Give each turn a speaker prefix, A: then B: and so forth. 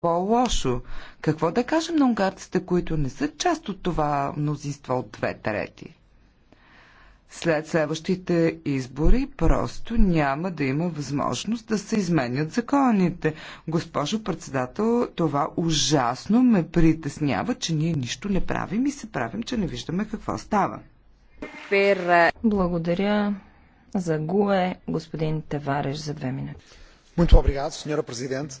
A: по-лошо. Какво да кажем на унгарците, които не са част от това мнозинство от две трети? След следващите избори просто няма да има възможност да се изменят законите. Госпожо председател, това ужасно ме притеснява, че ние нищо не правим и се правим, че не виждаме какво става.
B: Благодаря за ГУЕ,
C: господин
D: Тевареш, за две минути.
C: Muito obrigado, президент.